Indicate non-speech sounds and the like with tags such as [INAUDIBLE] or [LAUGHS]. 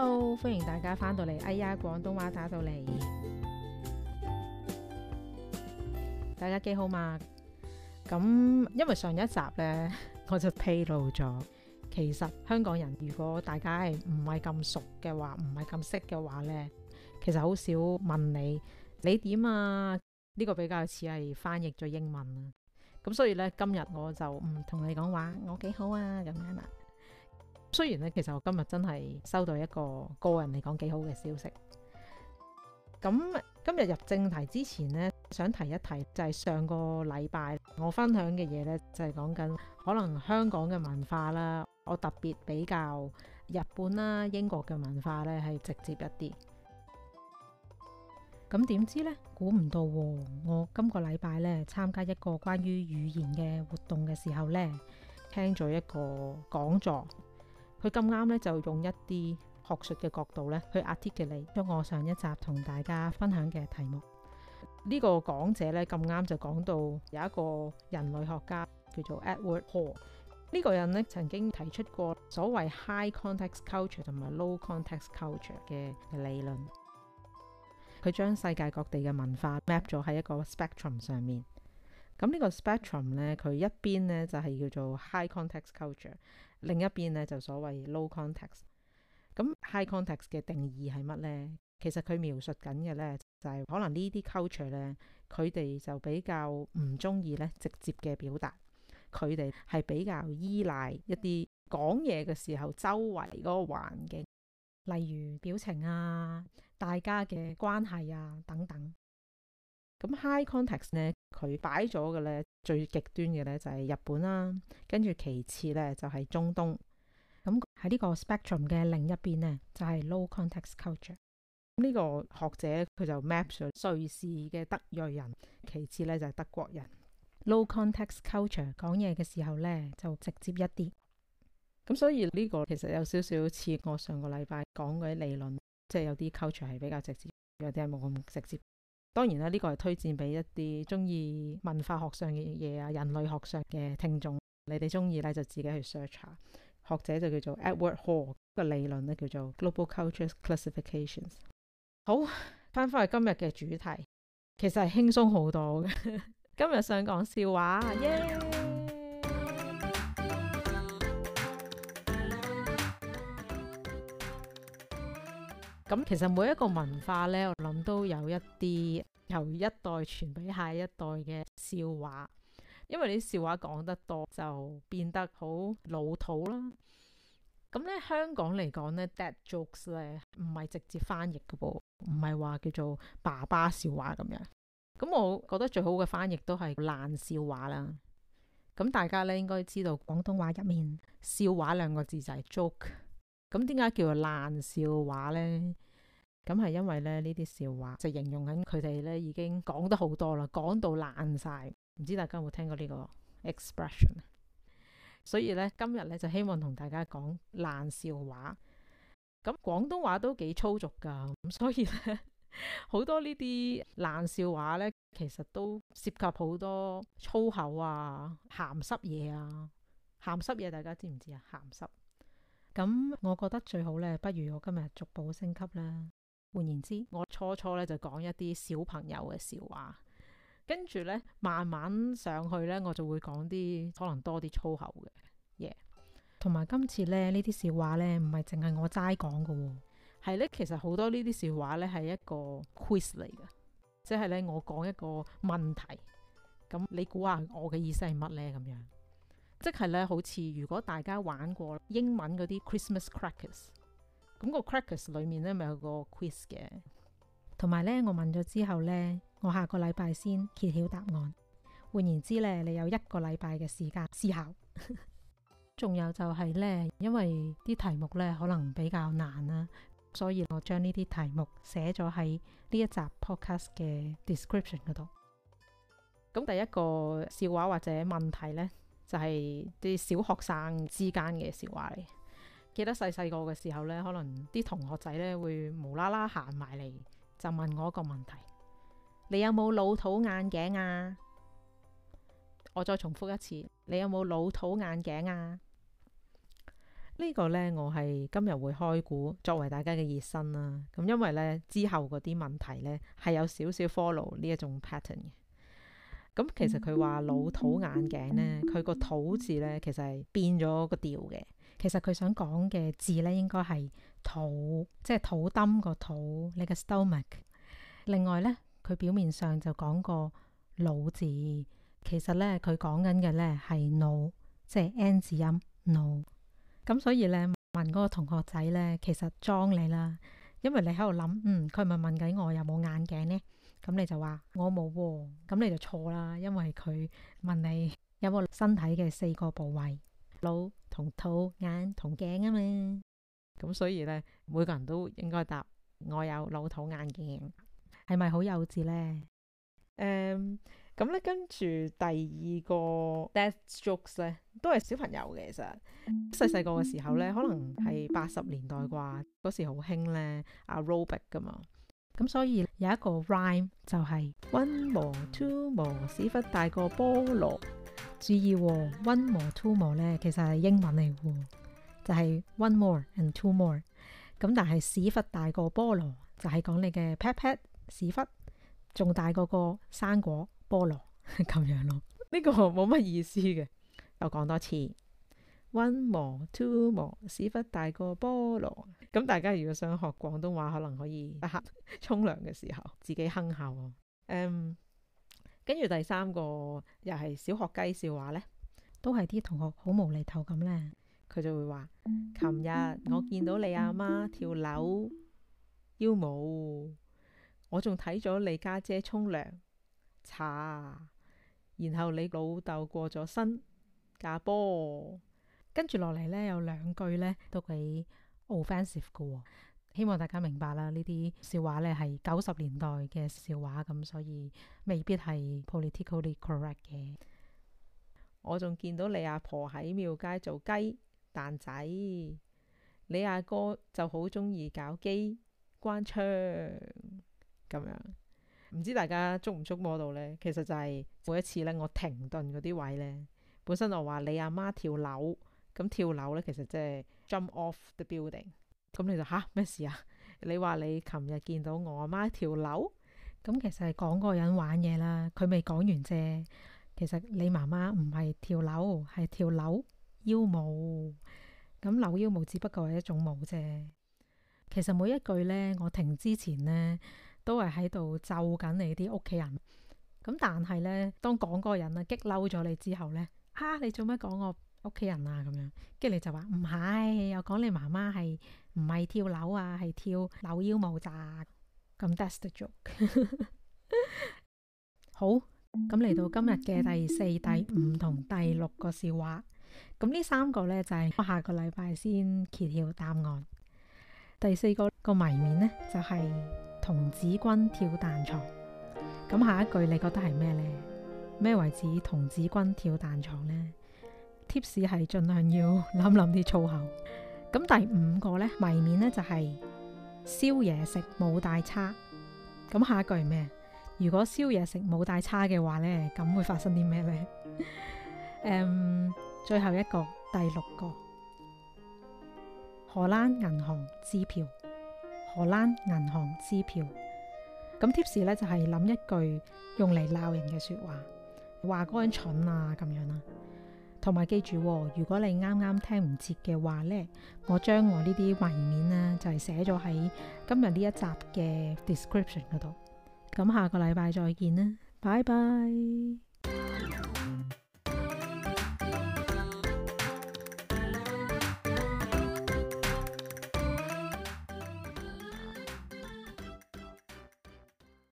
Hello，歡迎大家返到嚟。哎呀，廣東話打到嚟， [MUSIC] 大家幾好嘛？咁因為上一集呢，我就披露咗，其實香港人如果大家係唔係咁熟嘅話，唔係咁識嘅話呢，其實好少問你你點啊？呢、這個比較似係翻譯咗英文啊。咁所以呢，今日我就唔同你講話，我幾好啊咁樣啦。雖然咧，其實我今日真係收到一個個人嚟講幾好嘅消息。咁今日入正題之前呢，想提一提就係上個禮拜我分享嘅嘢呢，就係講緊可能香港嘅文化啦，我特別比較日本啦、啊、英國嘅文化呢係直接一啲。咁點知呢？估唔到喎、啊！我今個禮拜呢，參加一個關於語言嘅活動嘅時候呢，聽咗一個講座。佢咁啱咧，剛剛就用一啲學術嘅角度咧，去 articulate。將我上一集同大家分享嘅題目。這個、講呢個講者咧咁啱就講到有一個人類學家叫做 Edward Hall，呢、這個人咧曾經提出過所謂 high context culture 同埋 low context culture 嘅理論。佢將世界各地嘅文化 map 咗喺一個 spectrum 上面。咁、這、呢個 spectrum 咧，佢一邊咧就係、是、叫做 high context culture。另一邊呢，就所謂 low context，咁 high context 嘅定義係乜呢？其實佢描述緊嘅呢，就係可能呢啲 culture 呢，佢哋就比較唔中意呢直接嘅表達，佢哋係比較依賴一啲講嘢嘅時候周圍嗰個環境，例如表情啊、大家嘅關係啊等等。咁 high context 呢，佢擺咗嘅呢，最極端嘅呢就係日本啦，跟住其次呢就係中東。咁喺呢個 spectrum 嘅另一邊呢，就係 low context culture。呢個學者佢就 maps 瑞士嘅德裔人，其次呢就係德國人。low context culture 講嘢嘅時候呢，就直接一啲。咁所以呢個其實有少少似我上個禮拜講嗰啲理論，即係有啲 culture 係比較直接，有啲係冇咁直接。當然啦，呢個係推薦俾一啲中意文化學上嘅嘢啊、人類學上嘅聽眾。你哋中意咧就自己去 search 下。學者就叫做 Edward Hall，個理論咧叫做 Global Culture Classifications。好，翻返去今日嘅主題，其實係輕鬆好多嘅。 [LAUGHS] 今日想講笑話。Yeah! 咁其實每一個文化呢，我諗都有一啲由一代傳俾下一代嘅笑話，因為啲笑話講得多就變得好老土啦。咁、嗯、咧香港嚟講呢 dad jokes 咧唔係直接翻譯嘅噃，唔係話叫做爸爸笑話咁樣。咁我覺得最好嘅翻譯都係爛笑話啦。咁大家咧應該知道廣東話入面，笑話兩個字就係 joke。咁點解叫做爛笑話呢？咁係因為咧呢啲笑話就形容緊佢哋咧已經講得好多啦，講到爛晒。唔知大家有冇聽過呢個 expression？所以咧今日咧就希望同大家講爛笑話。咁廣東話都幾粗俗噶，咁所以咧好多呢啲爛笑話咧，其實都涉及好多粗口啊、鹹濕嘢啊、鹹濕嘢，大家知唔知啊？鹹濕。咁我覺得最好咧，不如我今日逐步升級啦。換言之，我初初咧就講一啲小朋友嘅笑話，跟住呢慢慢上去呢，我就會講啲可能多啲粗口嘅嘢。同、yeah. 埋今次咧，呢啲笑話呢唔係淨係我齋講㗎，係呢其實好多呢啲笑話呢係一個 quiz 嚟㗎，即係呢我講一個問題，咁你估下我嘅意思係乜呢？咁樣。即係咧，好似如果大家玩過英文嗰啲 Christmas Crackers，咁個 Crackers 裏面咧咪有個 quiz 嘅，同埋咧我問咗之後咧，我下個禮拜先揭曉答案。換言之咧，你有一個禮拜嘅時間思考。仲 [LAUGHS] 有就係咧，因為啲題目咧可能比較難啦，所以我將呢啲題目寫咗喺呢一集 Podcast 嘅 description 度。咁第一個笑話或者問題咧？就係啲小學生之間嘅説話嚟。記得細細個嘅時候呢，可能啲同學仔呢會無啦啦行埋嚟，就問我一個問題：你有冇老土眼鏡啊？我再重複一次：你有冇老土眼鏡啊？呢個呢，我係今日會開估作為大家嘅熱身啦。咁因為呢，之後嗰啲問題呢，係有少少 follow 呢一種 pattern 嘅。咁其實佢話老土眼鏡呢，佢個土字呢，其實係變咗個調嘅。其實佢想講嘅字呢，應該係土」，即係土墩個土」，你嘅 stomach。另外呢，佢表面上就講個老」字，其實呢，佢講緊嘅呢係 no」，即係 n 字音 no」。咁所以呢，問嗰個同學仔呢，其實裝你啦，因為你喺度諗，嗯，佢係咪問緊我有冇眼鏡呢？」咁你就話我冇，哦，咁你就錯啦，因為佢問你有冇身體嘅四個部位，腦同肚眼同頸啊嘛。咁所以呢，每個人都應該答我有腦肚眼鏡，係咪好幼稚呢？Um, 呢」誒，咁咧跟住第二個 Dad jokes 咧，都係小朋友嘅，其實細細個嘅時候呢，可能係八十年代啩，嗰時好興呢，aerobic 噶嘛。咁所以有一個 rhyme 就係 one more two more 屎忽大過菠蘿。注意哦，one more two more 呢，其實係英文嚟喎，就係 one more and two more。咁但係屎忽大過菠蘿，就係講你嘅 pat pat 屎忽仲大過個生果菠蘿咁 [LAUGHS] 樣咯。呢 [LAUGHS] 個冇乜意思嘅，又講多次。One more, two more，屎忽大過菠蘿。咁、嗯、大家如果想學廣東話，可能可以啊，沖涼嘅時候自己哼下喎。跟、um, 住第三個又係小學雞笑話呢，都係啲同學好無厘頭咁呢。佢就會話，琴、嗯、日我見到你阿媽跳樓腰舞，我仲睇咗你家姐沖涼查，然後你老豆過咗身假波。跟住落嚟呢，有兩句呢都幾 offensive 嘅、哦。希望大家明白啦，呢啲笑話呢係九十年代嘅笑話，咁、嗯、所以未必係 politically correct 嘅。我仲見到你阿婆喺廟街做雞蛋仔，你阿哥，哥就好中意搞機關槍咁樣。唔知大家捉唔捉摸到呢？其實就係每一次呢，我停頓嗰啲位呢，本身就話你阿媽，媽跳樓。咁跳樓呢，其實即係 jump off the building。咁你就吓，咩事啊？你話你琴日見到我阿媽跳樓，咁其實係講嗰個人玩嘢啦。佢未講完啫。其實你媽媽唔係跳樓，係跳樓腰舞。咁扭腰舞只不過係一種舞啫。其實每一句呢，我停之前呢，都係喺度咒緊你啲屋企人。咁但係呢，當講嗰個人激嬲咗你之後呢，啊「吓，你做咩講我？屋企人啊，咁樣，跟住你就話唔係，又講是你媽媽係唔係跳樓啊，係、啊、跳扭腰舞咋，咁 that's the joke。 [LAUGHS] [LAUGHS] 好，咁嚟到今日嘅第四、第五同第六個笑話，咁呢三個呢，就係、是、我下個禮拜先揭曉答案。第四個個謎面呢，就係、是、童子軍跳彈床，咁下一句你覺得係咩呢？咩為止童子軍跳彈床呢？Tips 係盡量要諗諗啲粗口。咁第五個呢，謎面呢就係宵夜食冇大差。咁下一句係咩？如果宵夜食冇大差嘅話呢，咁會發生啲咩呢？誒、 [LAUGHS] 嗯，最後一個第六個荷蘭銀行支票，荷蘭銀行支票。咁 Tips 呢就係、是、諗一句用嚟鬧人嘅説話，話嗰個人蠢啊咁樣啦。同埋，記住，如果你啱啱聽唔切嘅話呢，我將我呢啲謎面呢就係寫咗喺今日呢一集嘅 description 嗰度。咁下個禮拜再見啦，拜拜。